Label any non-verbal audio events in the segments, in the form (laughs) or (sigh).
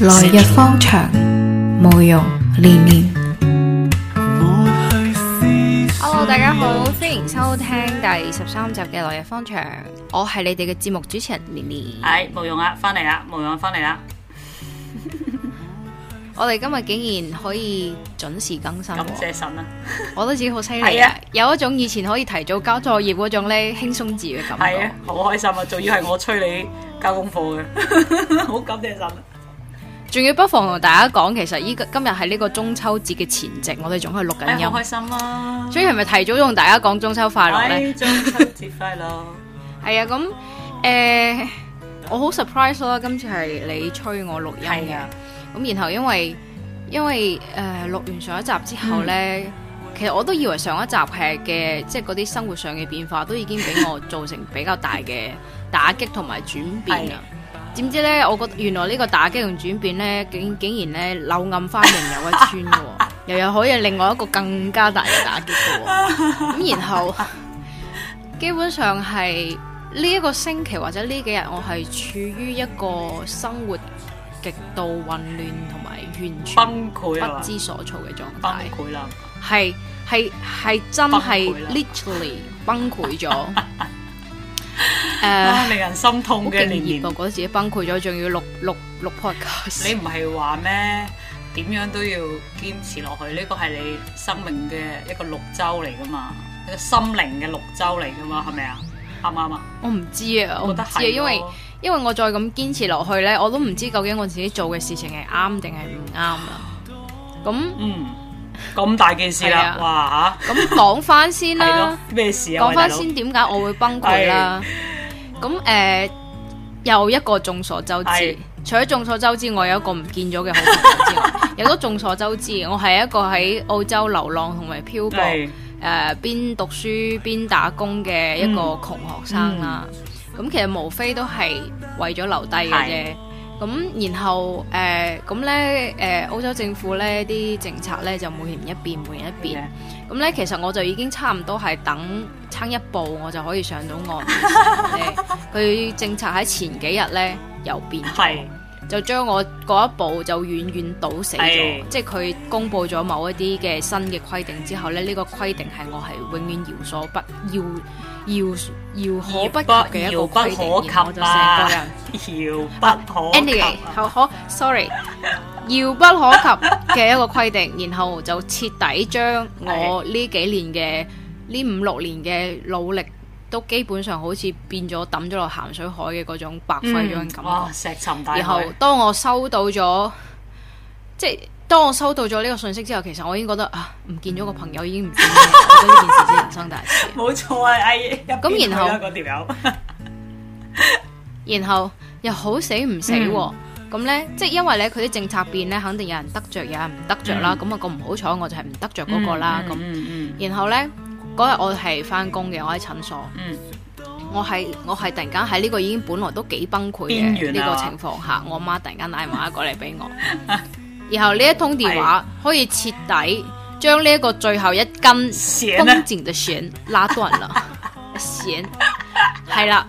來日方長，慕容蓮年。Hello，大家好，歡迎收聽第十三集嘅《來日方長》，我係你哋嘅節目主持人蓮年。係哎，慕容啊，翻嚟啦，慕容翻嚟啦。我哋今日竟然可以準時更新，感謝神啊！我覺得自己好犀利啊！有一種以前可以提早交作業嗰種咧，輕鬆至嘅感覺。係啊，好開心啊！仲要係我催你交功課嘅，好 (laughs) 感謝神、啊！仲要不妨同大家講，其實依今日係呢個中秋節嘅前夕，我哋仲可以錄緊音，哎、開心啊！所以係咪提早同大家講中秋快樂咧、哎？中秋節快樂！係啊，咁誒、哦欸，我好 surprise 啦！今次係你催我錄音嘅。咁然後因為因為誒錄、呃、完上一集之後呢，其實我都以為上一集劇嘅即係嗰啲生活上嘅變化都已經俾我造成比較大嘅打擊同埋轉變啦。點是知，知呢？我覺得原來呢個打擊同轉變呢，竟竟然呢柳暗花明又一村嘅，又，又可以另外一個更加大嘅打擊嘅。咁 (laughs) 然後基本上係呢一個星期或者呢幾日，我係處於一個生活。極度混亂同埋完全崩潰啊！不知所措嘅狀態，崩潰啦，係係係真係 literally 崩潰咗， (laughs) uh, 令人心痛嘅經驗，覺得自己崩潰咗，仲要錄錄錄 podcast 你唔係話咩？點樣都要堅持落去？呢個係你生命嘅一個綠洲嚟噶嘛？一個心靈嘅綠洲嚟噶嘛？係咪啊？啱唔啱啊？我唔知啊，我覺得係因為。因為我再咁堅持落去呢，我都唔知究竟我自己做嘅事情係啱定係唔啱啦。咁嗯，咁大件事啦，哇吓、 (laughs) 啊！咁講翻先啦，咩事啊？講翻先，點解我會崩潰啦 (laughs) 的？咁誒、啊，有一個眾所周知，除咗眾所周知，我有一個唔見咗嘅好朋友之外，亦 (laughs) 都眾所周知，我係一個喺澳洲流浪同埋漂泊，誒邊的、呃、讀書邊打工嘅一個窮學生啦。 (laughs) 是的 (laughs) 嗯咁其實無非都係為咗留低嘅啫。咁的然後誒咁、呃、呢誒、呃、歐洲政府呢啲政策呢，就每一年一變，每一年一變。咁的呢，其實我就已經差唔多係等差一步，我就可以上到岸。佢 (laughs) 政策喺前幾日呢，又變咗。就將我嗰一步就遠遠堵死咗，哎、即係佢公布咗某一啲嘅新嘅規定之後咧，呢、呢個規定係我係永遠遙所不遙遙遙可不嘅一個規定，然後就成個人遙不可。Anyway，好 sorry 遙不可及嘅一個規定，然後就徹底將我呢幾年嘅呢、哎、五六年嘅努力。都基本上好似變咗抌咗落鹹水海嘅嗰種白費咗感、嗯，然後當我收到咗，即係當我收到咗呢個信息之後，其實我已經覺得啊，唔見咗個朋友已經唔見咗呢件事係人生大事。冇 (laughs) 錯啊，咁、哎、然後然後， (laughs) 然後又好死唔死、啊，咁、嗯、呢，即係因為呢，佢啲政策變呢，肯定有人得着，有人唔得着啦。咁啊、嗯，咁唔好彩，我就係唔得着嗰、那個啦。咁、嗯嗯、然後呢。嗰日我係返工嘅，我喺診所。嗯，我係我係突然間喺呢個已經本來都幾崩潰嘅呢個情況下，啊、我媽突然間打電話過嚟俾我， (laughs) 然後呢一通電話可以徹底將呢一個最後一根繃緊嘅繩拉斷啦。繩係啦，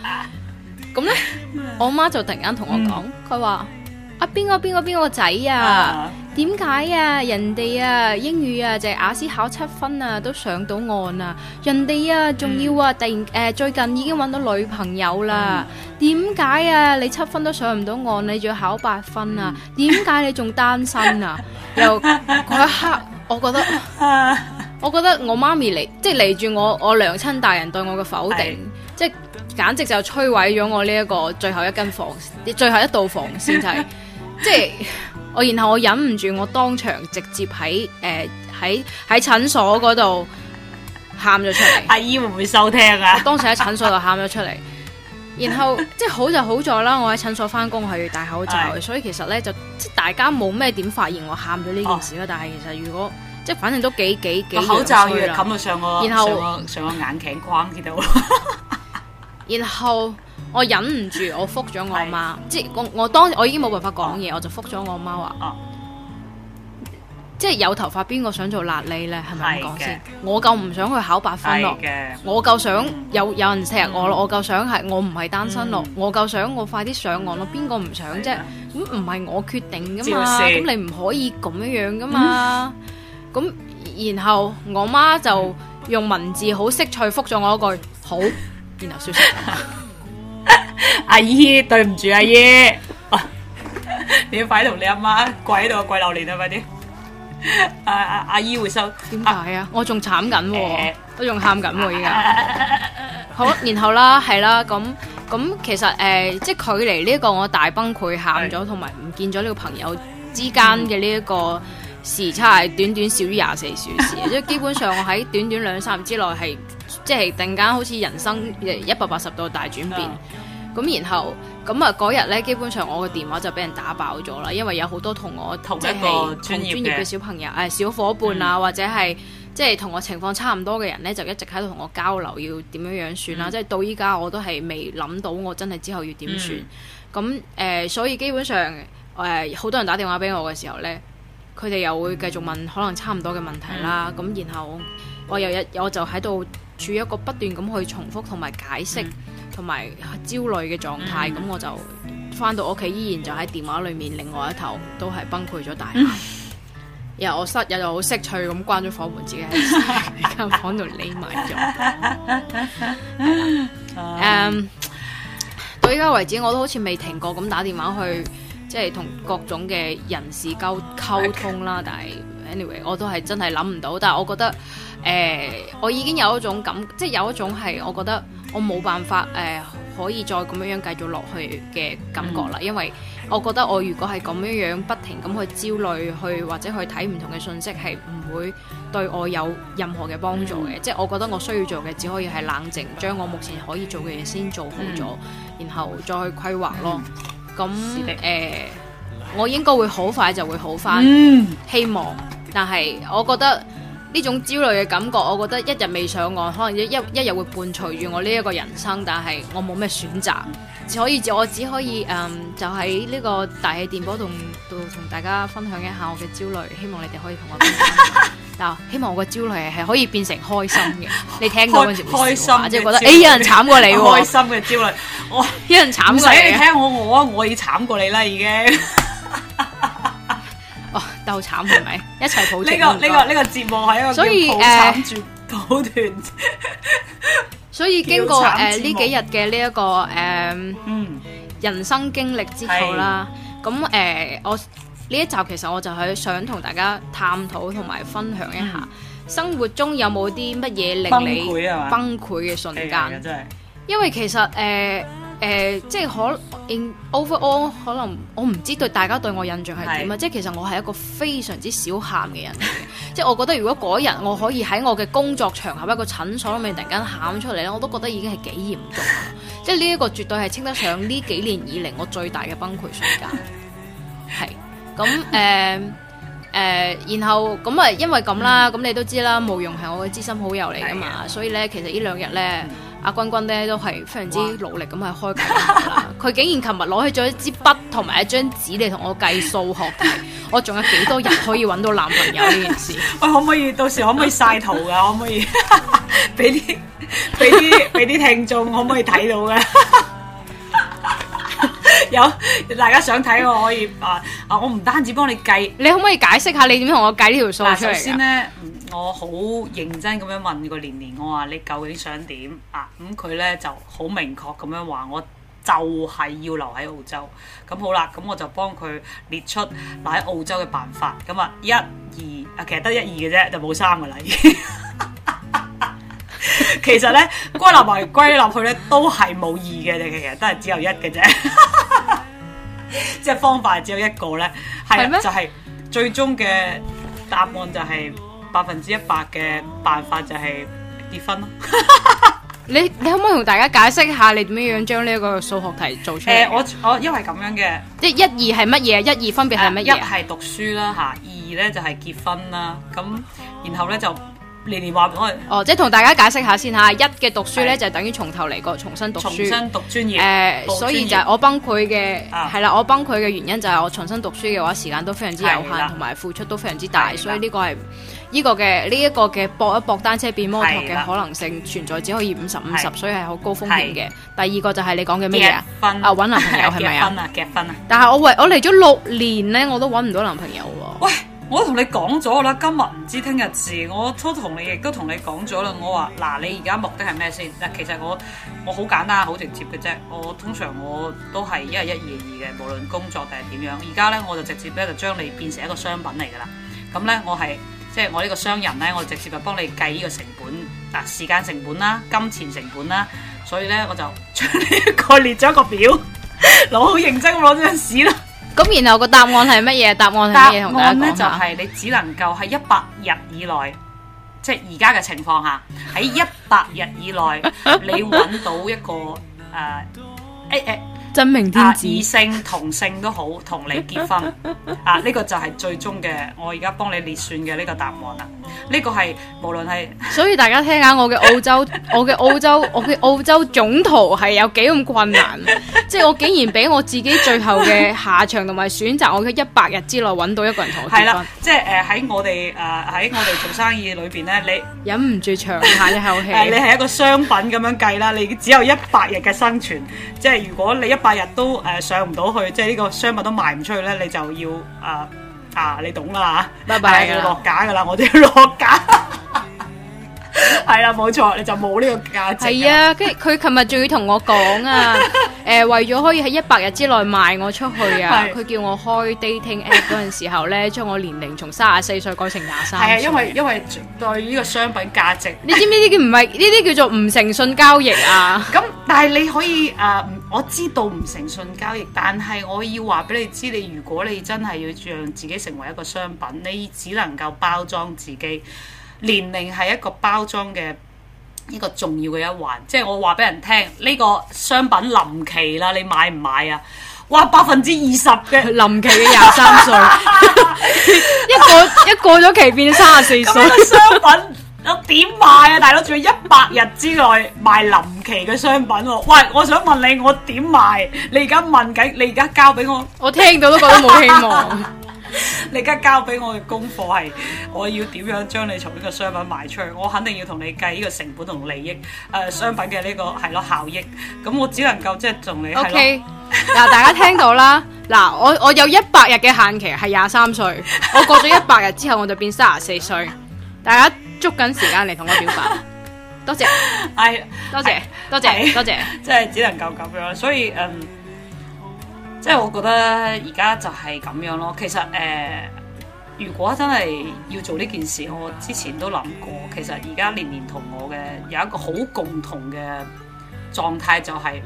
咁 (laughs) 咧 (laughs) 我媽就突然間同我講，佢話、嗯。啊邊個邊個邊個仔啊？點解啊，啊？人哋啊英語啊就係雅思考七分啊都上到岸啊！人哋啊仲要啊、嗯、突然誒、呃、最近已經搵到女朋友啦！點解、嗯、啊？你七分都上唔到岸，你仲要考八分啊？點解、嗯、你仲單身啊？又嗰 (laughs) 一刻，我覺得我覺得我媽咪嚟即係嚟住我我娘親大人對我嘅否定，即係的簡直就摧毀咗我呢一個最後一根房， (laughs) 最後一道防線就係。即係我，然後我忍唔住，我當場直接喺誒喺喺診所嗰度喊咗出嚟。阿姨會唔會收聽啊？我當時喺診所度喊咗出嚟， (laughs) 然後即係好就好在啦，我喺診所返工係要戴口罩， (laughs) 所以其實咧就即係大家冇咩點發現我喊咗呢件事啦。Oh. 但係其實如果即係反正都幾幾幾。幾口罩要冚到上個，然後上個眼鏡框嗰度，然後。 (laughs) 我忍唔住，我覆咗我媽，即係我我當時我已經冇辦法講嘢，我就覆咗我媽話，即係有頭髮邊個想做癩痢呢？係咪咁講先？我夠唔想去考八分咯，我夠想有有人錫我咯，我夠想係我唔係單身咯，我夠想我快啲上岸咯，邊個唔想啫？咁唔係我決定噶嘛？咁你唔可以咁樣樣噶嘛？咁然後我媽就用文字好識趣覆咗我一句好，然後消失。阿姨，對唔住，阿姨， (laughs) 你快同你阿媽跪喺度跪榴蓮 (laughs) 啊！快啲，阿阿阿姨會收？點解啊？我仲慘緊喎，我仲喊緊喎，依家。啊、好，然後啦，係、 (laughs) 嗯、啦，咁咁其實誒、呃，即係距離呢個我大崩潰喊咗，同埋唔見咗呢個朋友之間嘅呢一個時差，短，短短少於廿四小時，即係 (laughs) 基本上我喺短短兩三日之內係，即係突然間好似人生一百八十度大轉變。 (laughs) 咁然後咁啊嗰日呢，基本上我嘅電話就俾人打爆咗啦，因為有好多同我同即係同專業嘅小朋友誒、嗯哎，小伙伴啊，或者係即係同我情況差唔多嘅人呢，就一直喺度同我交流要點樣樣算啦、啊。嗯、即係到依家我都係未諗到我真係之後要點算。咁誒、嗯呃，所以基本上誒，好、呃、多人打電話俾我嘅時候呢，佢哋又會繼續問可能差唔多嘅問題啦。咁、嗯嗯、然後我又一我就喺度處於一個不斷咁去重複同埋解釋、嗯。同埋焦慮嘅狀態，咁、mm hmm. 我就返到屋企依然就喺電話裏面，另外一頭都係崩潰咗大下，然後、mm hmm. (laughs) 我室友就好識趣咁關咗房門，自己喺間房度匿埋咗。到依家為止我都好似未停過咁打電話去，即係同各種嘅人士溝溝通啦。Oh, my 但係 anyway，我都係真係諗唔到，但係我覺得誒、呃，我已經有一種感，即係有一種係我覺得。我冇辦法誒、呃，可以再咁樣樣繼續落去嘅感覺啦，因為我覺得我如果係咁樣樣不停咁去焦慮去或者去睇唔同嘅信息，係唔會對我有任何嘅幫助嘅。嗯、即係我覺得我需要做嘅只可以係冷靜，將我目前可以做嘅嘢先做好咗，嗯、然後再去規劃咯。咁誒、嗯呃，我應該會好快就會好返，嗯、希望。但係我覺得。呢種焦慮嘅感覺，我覺得一日未上岸，可能一一日會伴隨住我呢一個人生，但係我冇咩選擇，只可以我只可以嗯，就喺呢個大氣電波度度同大家分享一下我嘅焦慮，希望你哋可以同我分享。分但，希望我嘅焦慮係可以變成開心嘅，你聽我嗰陣時開心，即係覺得誒、欸、有人慘過你喎、啊，開心嘅焦慮，我有人慘過你、啊，唔使你聽我，我我已經慘過你啦已經。 (laughs) 好慘係咪？一齊抱團。呢個呢個呢個節目喺一個。所以誒，抱團住，抱團。所以經過誒呢幾日嘅呢一個誒，嗯，人生經歷之後啦，咁誒，我呢一集其實我就係想同大家探討同埋分享一下，生活中有冇啲乜嘢令你崩潰啊嘛？崩潰嘅瞬間真係，因為其實誒。誒、呃，即係可 in overall 可能我唔知對大家對我印象係點啊？是即係其實我係一個非常之少喊嘅人， (laughs) 即係我覺得如果嗰日我可以喺我嘅工作場合一個診所裡面突然間喊出嚟咧，我都覺得已經係幾嚴重， (laughs) 即係呢一個絕對係稱得上呢幾年以嚟我最大嘅崩潰瞬間。係咁誒誒，然後咁啊，因為咁啦，咁、嗯、你都知啦，慕容係我嘅知心好友嚟噶嘛，的所以咧，其實兩呢兩日咧。嗯嗯阿君君咧都係非常之努力咁去開計，佢竟然琴日攞起咗一支筆同埋一張紙嚟同我計數學題，我仲有幾多日可以揾到男朋友呢件事？喂、 (laughs) 哎，可唔可以到時可唔可以曬圖噶？ (laughs) (laughs) 可唔可以俾啲俾啲俾啲聽眾可唔可以睇到啊？ (laughs) 有 (laughs) 大家想睇我可以啊 (laughs) 啊！我唔單止幫你計、 (laughs) 啊，你可唔可以解釋下你點樣同我計呢條數？首先咧，我好認真咁樣問個年年，我話你究竟想點啊？咁佢咧就好明確咁樣話，我就係要留喺澳洲。咁好啦，咁我就幫佢列出留喺澳洲嘅辦法。咁啊，一二啊，其實得一二嘅啫，就冇三噶啦。 (laughs) (laughs) 其實咧，歸納嚟歸納去咧，都係冇二嘅，其實都係只有一嘅啫。即係方法只有一個咧，係咩？就係、係、最終嘅答案就係百分之一百嘅辦法就係結婚咯。 (laughs) 你你可唔可以同大家解釋下你點樣將呢個數學題做出嚟？Uh, 我我因為咁樣嘅，即一二係乜嘢？一,二,一二分別係乜嘢？Uh, 一係讀書啦吓，二咧就係結婚啦。咁然後咧就。蓮年話哦，即係同大家解釋下先吓，一嘅讀書咧就等於從頭嚟過，重新讀書，重新讀專業，誒，所以就係我崩潰嘅，係啦，我崩潰嘅原因就係我重新讀書嘅話，時間都非常之有限，同埋付出都非常之大，所以呢個係呢個嘅呢一個嘅搏一搏單車變摩托嘅可能性存在，只可以五十五十，所以係好高風險嘅。第二個就係你講嘅咩嘢？婚啊，搵男朋友係咪啊？啊，結婚啊！但係我為我嚟咗六年咧，我都搵唔到男朋友喎。我都同你講咗啦，今日唔知聽日事，我都同你亦都同你講咗啦。我話嗱，你而家目的係咩先？嗱，其實我我好簡單好直接嘅啫。我通常我都係一係一，二係二嘅，無論工作定係點樣。而家咧，我就直接咧就將你變成一個商品嚟噶啦。咁咧，我係即係我呢個商人咧，我直接就幫你計呢個成本，嗱，時間成本啦，金錢成本啦。所以咧，我就將呢一個列咗一個表， (laughs) 我好認真咁攞張紙啦。咁然後個答案係乜嘢？答案係乜嘢？同大家講下。答案咧就係、是、你只能夠喺一百日以內，即係而家嘅情況下，喺一百日以內， (laughs) 你揾到一個誒誒。呃哎哎真名天子，異性同性都好，同你結婚啊！呢個就係最終嘅，我而家幫你列算嘅呢個答案啦。呢個係無論係，所以大家聽下我嘅澳洲，我嘅澳洲，我嘅澳洲總圖係有幾咁困難？即係我竟然俾我自己最後嘅下場同埋選擇，我嘅一百日之內揾到一個人同我結婚。係啦，即係誒喺我哋誒喺我哋做生意裏邊咧，你忍唔住長嘆一口氣。你係一個商品咁樣計啦，你只有一百日嘅生存。即係如果你一八日都誒，呃、上唔到去，即係呢個商品都賣唔出去咧，你就要啊、呃、啊，你懂啦拜！係 Bye bye 要落架㗎啦，Yeah. 我都要落架。 (laughs) 係啦，冇錯，你就冇呢個價值。係啊，跟住佢琴日仲要同我講啊，誒、 (laughs) 呃，為咗可以喺一百日之內賣我出去啊，佢是叫我開 dating app 嗰陣時候咧，將 (laughs) 我年齡從卅四歲改成廿三歲。係啊，因為因為對呢個商品價值， (laughs) 你知唔知呢啲唔係呢啲叫做唔誠信交易啊？咁 (laughs) 但係你可以誒、呃，我知道唔誠信交易，但係我要話俾你知，你如果你真係要讓自己成為一個商品，你只能夠包裝自己。年齡係一個包裝嘅一個重要嘅一環，即係我話俾人聽呢個商品臨期啦，你買唔買啊？哇，百分之二十嘅臨期嘅廿三歲，一過 (laughs) 個一過咗期變三十四歲，商品我點賣啊？大佬仲要一百日之內賣臨期嘅商品喎？喂，我想問你，我點賣？你而家問緊，你而家交俾我，我聽到都覺得冇希望。 (laughs) 你而家交俾我嘅功課係，我要點樣將你從呢個商品賣出去？我肯定要同你計呢個成本同利益誒，商品嘅呢個係咯效益。咁我只能夠即係同你。O K，嗱大家聽到啦，嗱我我有一百日嘅限期，係廿三歲。我過咗一百日之後，我就變卅四歲。大家捉緊時間嚟同我表白，多謝，係多謝，多謝，多謝，即係只能夠咁樣。所以誒。即係我覺得而家就係咁樣咯。其實誒，如果真係要做呢件事，我之前都諗過。其實而家蓮年同我嘅有一個好共同嘅狀態，就係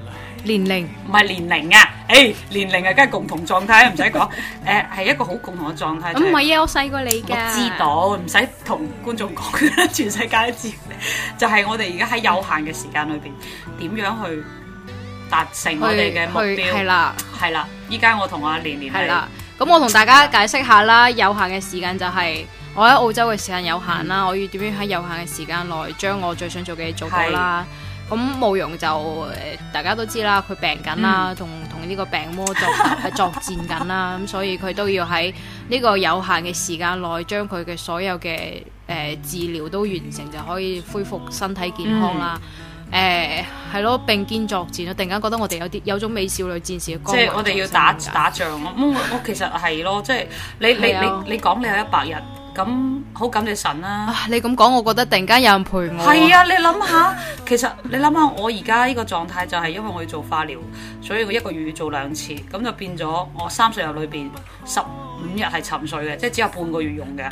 年齡唔係年齡啊，誒年齡啊，梗係共同狀態，唔使講。誒係一個好共同嘅狀態。咁唔係啊，我細過你嘅。知道唔使同觀眾講啦，全世界都知。就係我哋而家喺有限嘅時間裏邊，點樣去？成佢哋嘅目標係啦，係啦。依家我同阿年年係啦。咁我同大家解釋下啦，有限嘅時間就係我喺澳洲嘅時間有限啦。嗯、我要點樣喺有限嘅時間內將我最想做嘅嘢做到啦。咁慕是的 容就誒，大家都知啦，佢病緊啦、嗯，同同呢個病魔做作戰緊啦。咁 (laughs) 所以佢都要喺呢個有限嘅時間內將佢嘅所有嘅誒、呃、治療都完成，就可以恢復身體健康啦。嗯嗯。誒，係咯、欸，並肩作戰咯！突然間覺得我哋有啲有種美少女戰士嘅，即係我哋要打打仗咯、啊嗯。我其實係咯，即係你你的你你講你，你有一百日，咁好感謝神啦、啊啊。你咁講，我覺得突然間有人陪我。係啊，你諗下，其實你諗下，我而家呢個狀態就係因為我要做化療，所以我一個月要做兩次，咁就變咗我三十日裏邊十五日係沉睡嘅，即係只有半個月用嘅。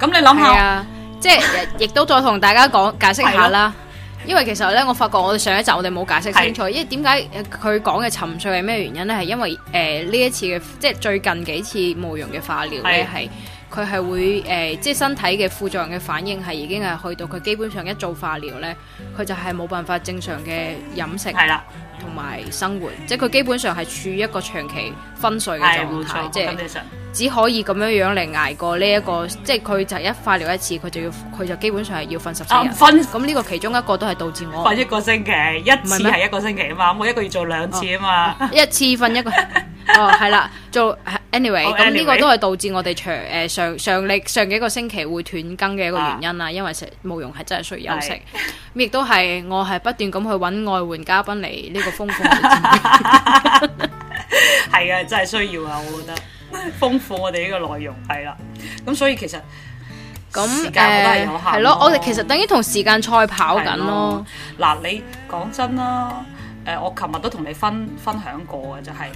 咁你諗下，即係亦都再同大家講解釋下啦 (laughs) 的。因為其實咧，我發覺我哋上一集我哋冇解釋清楚，是的 因為點解佢講嘅沉睡係咩原因呢？係因為誒呢、呃、一次嘅，即係最近幾次慕容嘅化療咧，係佢係會誒、呃，即係身體嘅副作用嘅反應係已經係去到佢基本上一做化療呢，佢就係冇辦法正常嘅飲食係啦。同埋生活，即係佢基本上係處於一個長期昏睡嘅狀態，即係是只可以咁樣樣嚟挨過呢、這、一個，嗯、即係佢就一化療一次，佢就要佢就基本上係要瞓十四日。咁呢、嗯、個其中一個都係導致我瞓一個星期，一次係一個星期啊嘛，我一個月做兩次啊嘛，哦、 (laughs) 一次瞓一個。 (laughs) 哦，係啦，做。Anyway，咁呢個都係導致我哋上、誒、上上歷上幾個星期會斷更嘅一個原因啦，ah. 因為慕容係真係需要休息， (laughs) 亦都係我係不斷咁去揾外援嘉賓嚟呢個豐富，係啊， (laughs) (laughs) 真係需要啊，我覺得豐富我哋呢個內容係啦。咁所以其實咁、嗯、時間我都係有限，係咯，我哋其實等於同時間賽跑緊咯。嗱，你講真啦，誒、呃，我琴日都同你分分享過嘅，就係、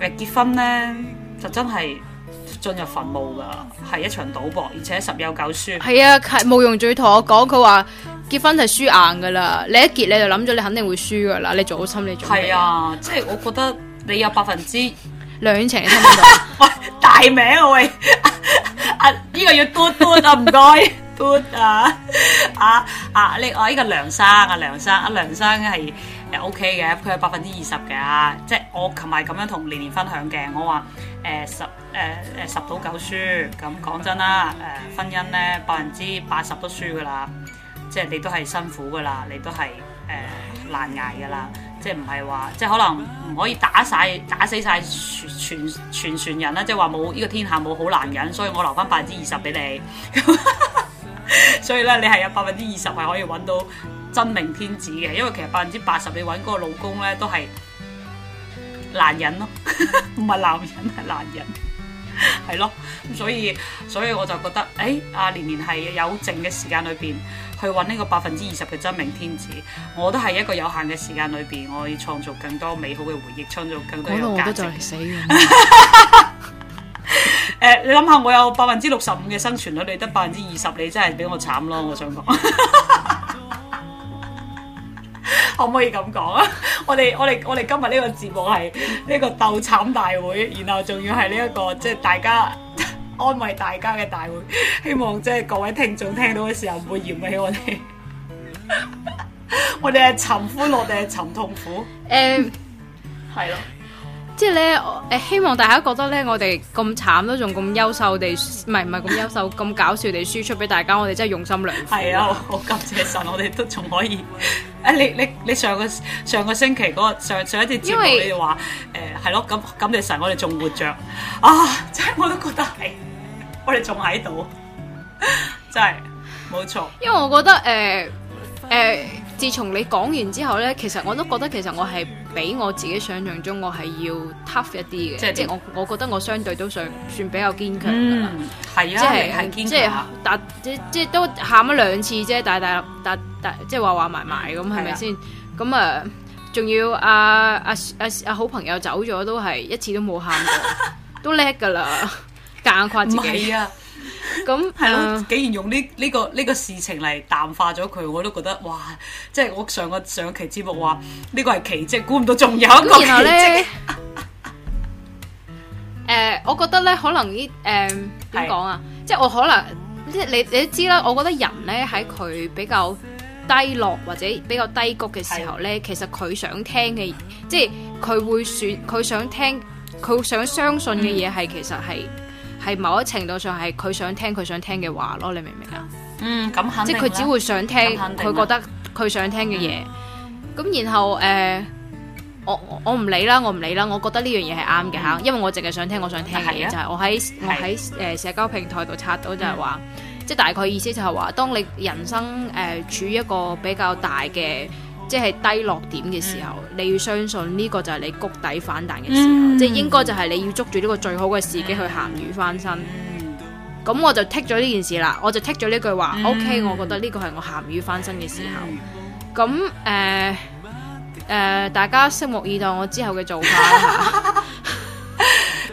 是、誒結婚咧。就真係進入墳墓噶，係一場賭博，而且十有九輸。係啊，係慕容最同我講，佢話結婚係輸硬噶啦，你一結你就諗咗，你肯定會輸噶啦，你做好心理準備。係啊，即係我覺得你有百分之兩成，你聽唔到？喂，大名啊喂，阿呢個要嘟嘟啊，唔該，嘟啊，啊啊，呢我呢個梁生啊，梁生啊，梁生係。誒 OK 嘅，佢係百分之二十嘅，即係我琴日咁樣同年年分享嘅，我話誒、呃、十誒誒、呃、十賭九輸，咁講真啦，誒、呃、婚姻咧百分之八十都輸噶啦，即係你都係辛苦噶啦，你都係誒、呃、難捱噶啦，即係唔係話即係可能唔可以打晒，打死晒全，全全全船人啦、啊，即係話冇呢個天下冇好男人，所以我留翻百分之二十俾你， (laughs) 所以咧你係有百分之二十係可以揾到。真命天子嘅，因為其實百分之八十你揾嗰個老公咧都係男人咯，唔係男人係男人，係 (laughs) 咯，咁所以所以我就覺得，誒、欸，阿、啊、年年係有剩嘅時間裏邊去揾呢個百分之二十嘅真命天子，我都係一個有限嘅時間裏邊，我要創造更多美好嘅回憶，創造更多有價值。就嚟死啦！誒，你諗下，我有百分之六十五嘅生存率，你得百分之二十，你真係比我慘咯，我想講。 (laughs) 可唔可以咁講啊？我哋我哋我哋今日呢個節目係呢個鬥慘大會，然後仲要係呢一個即係、就是、大家 (laughs) 安慰大家嘅大會。 (laughs) 希望即係、就是、各位聽眾聽到嘅時候唔會嫌棄我哋。 (laughs) (laughs) 我哋係尋歡樂定係尋痛苦？誒、um，係咯。即係咧，誒，希望大家覺得咧，我哋咁慘都仲咁優秀地，唔係唔係咁優秀，咁搞笑地輸出俾大家，我哋真係用心良苦。係啊，我感謝神，我哋都仲可以。誒，你你你上個上個星期嗰個上上一次節目，你話誒係咯，咁感謝神，我哋仲活著啊！真係我都覺得係，我哋仲喺度，真係冇錯。因為我覺得誒誒，自從你講完之後咧，其實我都覺得其實我係。比我自己想象中我，即我係要 tough 一啲嘅，即係即係我我覺得我相對都算算比較堅強噶啦，係啊，即係即係，即係都喊咗兩次啫，大大但即係話話埋埋咁，係咪先？咁啊，仲要啊，阿、啊、阿、啊啊、好朋友走咗，都係一次都冇喊過， (laughs) 都叻噶啦，夾硬誇自己。咁係咯，竟、嗯 (laughs) 嗯、然用呢、這、呢個呢、這個這個事情嚟淡化咗佢，我都覺得哇！即係我上個上期節目話呢個係奇迹，估唔到仲有一個奇迹、啊。誒 (laughs) 、呃，我覺得咧，可能呢，誒點講啊？是 即係我可能即係你你都知啦。我覺得人咧喺佢比較低落或者比較低谷嘅時候咧，是的 其實佢想聽嘅，即係佢會選，佢想聽，佢想相信嘅嘢係，其實係。嗯係某一程度上，係佢想聽佢想聽嘅話咯，你明唔明啊？嗯，咁即係佢只會想聽，佢覺得佢想聽嘅嘢。咁、嗯、然後誒、呃，我我我唔理啦，我唔理啦，我覺得呢樣嘢係啱嘅吓，嗯、因為我淨係想聽我想聽嘅嘢，就係、啊、我喺我喺誒社交平台度刷到就，嗯、就係話，即係大概意思就係話，當你人生誒、呃、處於一個比較大嘅。即係低落點嘅時候，你要相信呢個就係你谷底反彈嘅時候，嗯、即係應該就係你要捉住呢個最好嘅時機去鹹魚翻身。咁、嗯、我就剔咗呢件事啦，我就剔咗呢句話。嗯、OK，我覺得呢個係我鹹魚翻身嘅時候。咁誒誒，大家拭目以待我之後嘅做法。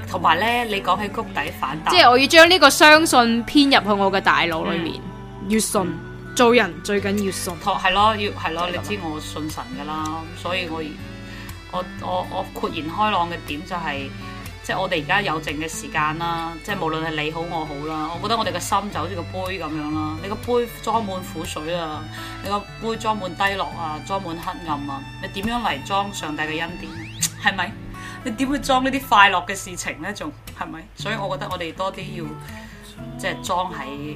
同埋咧，你講起谷底反彈，即係我要將呢個相信編入去我嘅大腦裏面，嗯嗯、越信。做人最緊要信託，係咯，要係咯，後你知我信神噶啦，嗯、所以我我我我，我豁然開朗嘅點就係、是，即、就、係、是、我哋而家有剩嘅時間啦，即、就、係、是、無論係你好我好啦，我覺得我哋嘅心就好似個杯咁樣啦，你個杯裝滿苦水啊，你個杯裝滿低落啊，裝滿黑暗啊，你點樣嚟裝上帝嘅恩典？係咪？你點會裝呢啲快樂嘅事情呢？仲係咪？所以我覺得我哋多啲要即係裝喺。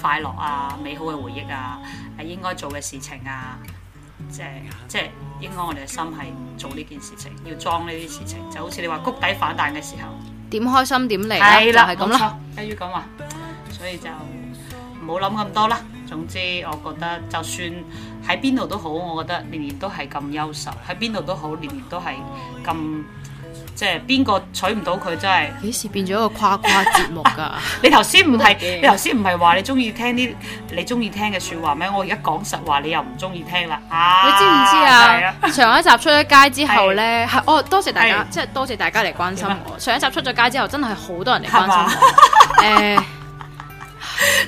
快樂啊，美好嘅回憶啊，係應該做嘅事情啊，即係即係應該我哋嘅心係做呢件事情，要裝呢啲事情，就好似你話谷底反彈嘅時候，點開心點嚟啦，就係咁啦，一於咁話，所以就唔好諗咁多啦。總之我覺得，就算喺邊度都好，我覺得年年都係咁優秀，喺邊度都好，年年都係咁。即係邊個娶唔到佢？真係幾時變咗一個誇誇節目噶？ (laughs) (laughs) 你頭先唔係，你頭先唔係話你中意聽啲你中意聽嘅說話咩？我而家講實話，你又唔中意聽啦。啊、你知唔知啊？是上一集出咗街之後呢？係我是、哦、多謝大家，是即係多謝大家嚟關心我。嗎上一集出咗街之後，真係好多人嚟關心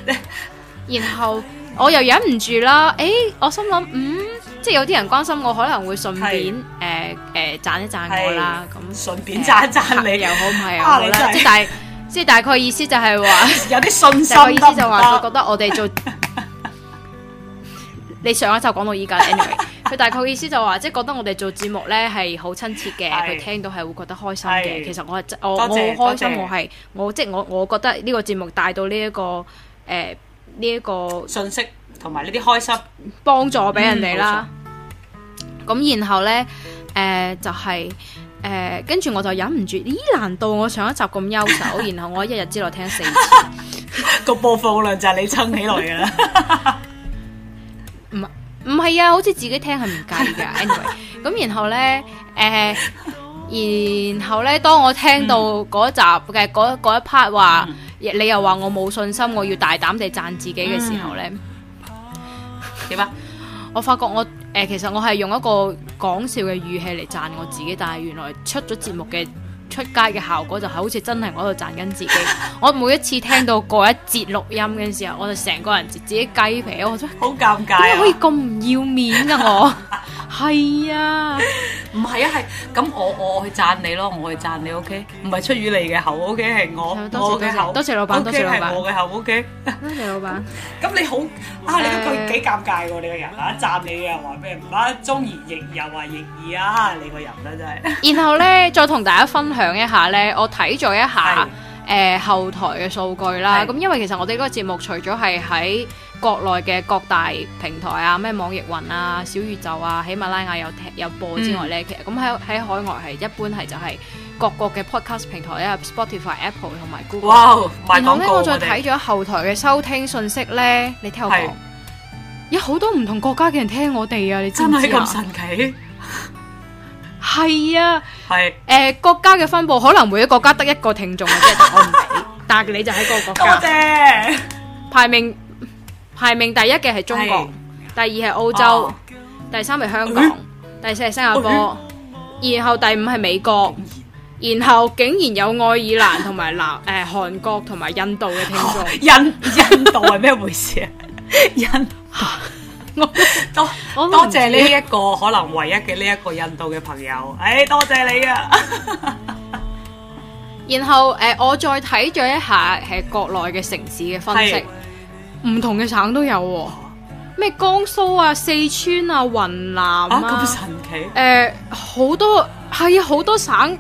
我。然後我又忍唔住啦。誒、欸，我心諗，嗯，即係有啲人關心我，可能會順便。誒，讚一讚我啦，咁順便讚一讚你又好唔係又好啦。即係大即係大概意思就係話有啲信息。意思就話佢覺得我哋做你上一集講到依家，anyway，佢大概意思就話即係覺得我哋做節目咧係好親切嘅，佢聽到係會覺得開心嘅。其實我我我好開心，我係我即係我我覺得呢個節目帶到呢一個誒呢一個信息同埋呢啲開心幫助俾人哋啦。咁然後咧。誒、呃，就係、是、誒，跟、呃、住我就忍唔住，咦？難道我上一集咁優秀，然後我一日之內聽四次，個播放量就係你撐起來噶啦？唔唔係啊，好似自己聽係唔計噶。 (laughs) anyway，咁然後咧，誒、呃，然後咧，當我聽到嗰一集嘅嗰一 part 話，嗯、你又話我冇信心，我要大膽地讚自己嘅時候咧，點啊、嗯？我發覺我。誒，其實我係用一個講笑嘅語氣嚟讚我自己，但係原來出咗節目嘅出街嘅效果就係好似真係我喺度讚緊自己。 (laughs) 我每一次聽到嗰一節錄音嘅時候，我就成個人自己，自己雞皮，我覺得好尷尬，啊，點解可以咁唔要面嘅我？ (laughs) 係啊，唔係啊，係咁我我去讚你咯，我去讚你，O K，唔係出於你嘅口，O K，係我我嘅口，多謝老闆，多謝老闆，係我嘅口，O K。多謝老闆，咁你好啊，你嗰句幾尷尬噶，你個人啊，讚你啊，話咩唔啊，中意亦又話營業啊，你個人咧真係。然後咧，再同大家分享一下咧，我睇咗一下誒後台嘅數據啦，咁因為其實我哋嗰個節目除咗係喺。國內嘅各大平台啊，咩網易雲啊、小宇宙啊、喜馬拉雅有聽有播之外咧，其實咁喺喺海外係一般係就係各國嘅 podcast 平台咧，Spotify、Apple 同埋 Google。哇哦！然後咧，我再睇咗後台嘅收聽信息咧，你聽我講，有好多唔同國家嘅人聽我哋啊！你真係咁神奇？係啊，係誒國家嘅分佈，可能每一個國家得一個聽眾，但係我唔俾，但係你就喺嗰個國家排名。排名第一嘅係中國，第二係澳洲，第三係香港，第四係新加坡，然後第五係美國，然後竟然有愛爾蘭同埋南誒韓國同埋印度嘅聽眾，印印度係咩回事啊？印，多多謝呢一個可能唯一嘅呢一個印度嘅朋友，誒多謝你啊！然後誒，我再睇咗一下係國內嘅城市嘅分析。唔同嘅省都有喎、哦，咩江蘇啊、四川啊、雲南啊，咁、啊、神奇。誒、呃，好多係啊，好多省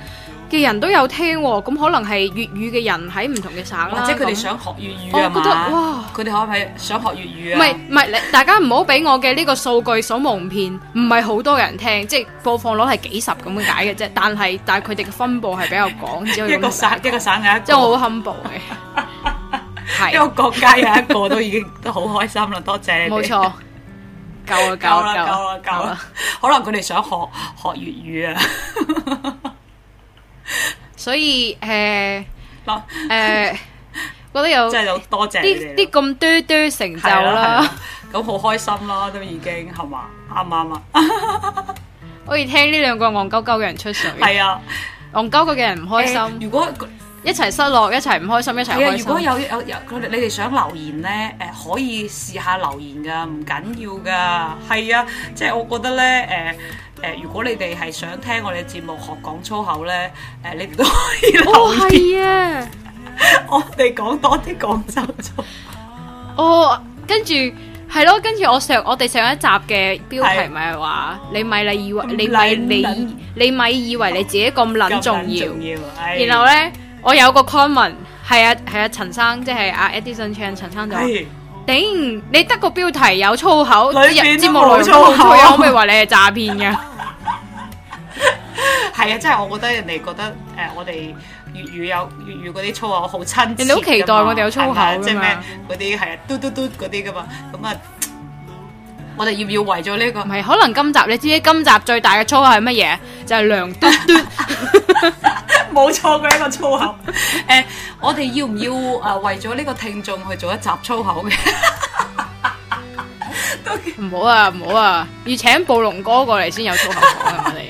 嘅人都有聽喎、哦，咁可能係粵語嘅人喺唔同嘅省、啊、或者佢哋想學粵語啊覺得、哦那個，哇，佢哋可唔可以想學粵語啊？唔係唔係，大家唔好俾我嘅呢個數據所蒙騙，唔係好多人聽，即係 (laughs) 播放率係幾十咁樣解嘅啫。但係但係佢哋嘅分布係比較廣，只有一,一個省一個省嘅，即係我好恐怖嘅。一個 (music) 國家有一個都已經都好開心啦， (laughs) 多謝你錯。冇錯，夠啦夠啦夠啦夠啦，了可能佢哋想學學粵語啊，所以誒，嗱、呃、誒，呃、覺得有即係有多謝你啲咁多多成就啦、嗯，咁、嗯、好、嗯嗯嗯嗯嗯、開心啦都已經係嘛，啱唔啱啊？ (laughs) 我可以聽呢兩個戇鳩鳩嘅人出水是、啊！係啊，戇鳩佢嘅人唔開心、 (laughs) 嗯。如果一齊失落，一齊唔開心，一齊開心。誒，如果有有有，你哋想留言咧，誒，可以試下留言噶，唔緊要噶。係啊，即係我覺得咧，誒誒，如果你哋係想聽我哋嘅節目學講粗口咧，誒，你哋都可以留。哦，係啊，我哋講多啲廣州話。哦，跟住係咯，跟住我上我哋上一集嘅標題咪係話，你咪你以為你咪你你咪以為你自己咁捻重要，然後咧。我有個 comment，係啊係啊，陳生即係阿、啊、Edison Chan，陳生就話頂的你，得個標題有粗口，節目裏面冇粗口，粗口 (laughs) 可唔可以話你係詐騙嘅？係啊，即係我覺得人哋覺得誒、呃，我哋粵語有粵語嗰啲粗口好親切，人哋好期待我哋有粗口、嗯，即係咩嗰啲係啊嘟嘟嘟嗰啲噶嘛，咁、嗯、啊～、嗯我哋要唔要為咗呢個咪？可能今集你知唔知今集最大嘅粗口係乜嘢？就係、是、梁嘟嘟，冇錯過一個粗口。誒、 (laughs) 欸，我哋要唔要誒為咗呢個聽眾去做一集粗口嘅？唔 (laughs) 好還啊，唔好啊！要請暴龍哥過嚟先有粗口講啊！我哋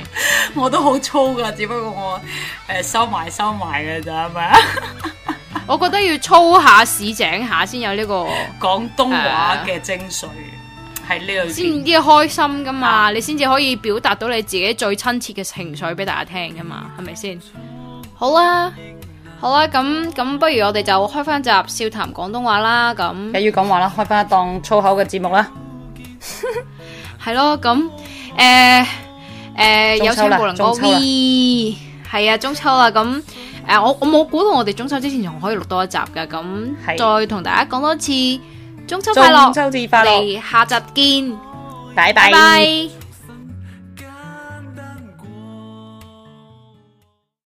(laughs) 我都好粗噶，只不過我誒、呃、收埋收埋嘅咋係咪？我覺得要粗下市井下先有呢個廣東話嘅精髓。啊啊先要開心噶嘛，啊，你先至可以表達到你自己最親切嘅情緒俾大家聽噶嘛，係咪先？好啦，好啦，咁咁不如我哋就開翻一集笑談廣東話啦，咁又要講話啦，開翻一檔粗口嘅節目啦、 (laughs) 嗯、係、嗯、咯，咁誒誒，有請布林哥 V，係啊，中秋啦，咁誒、 (laughs) 嗯嗯嗯嗯嗯嗯，我我冇估到我哋中秋之前仲可以錄多一集噶，咁、嗯、再同大家講多次。中秋快樂，嚟下集見，拜拜 bye。Bye bye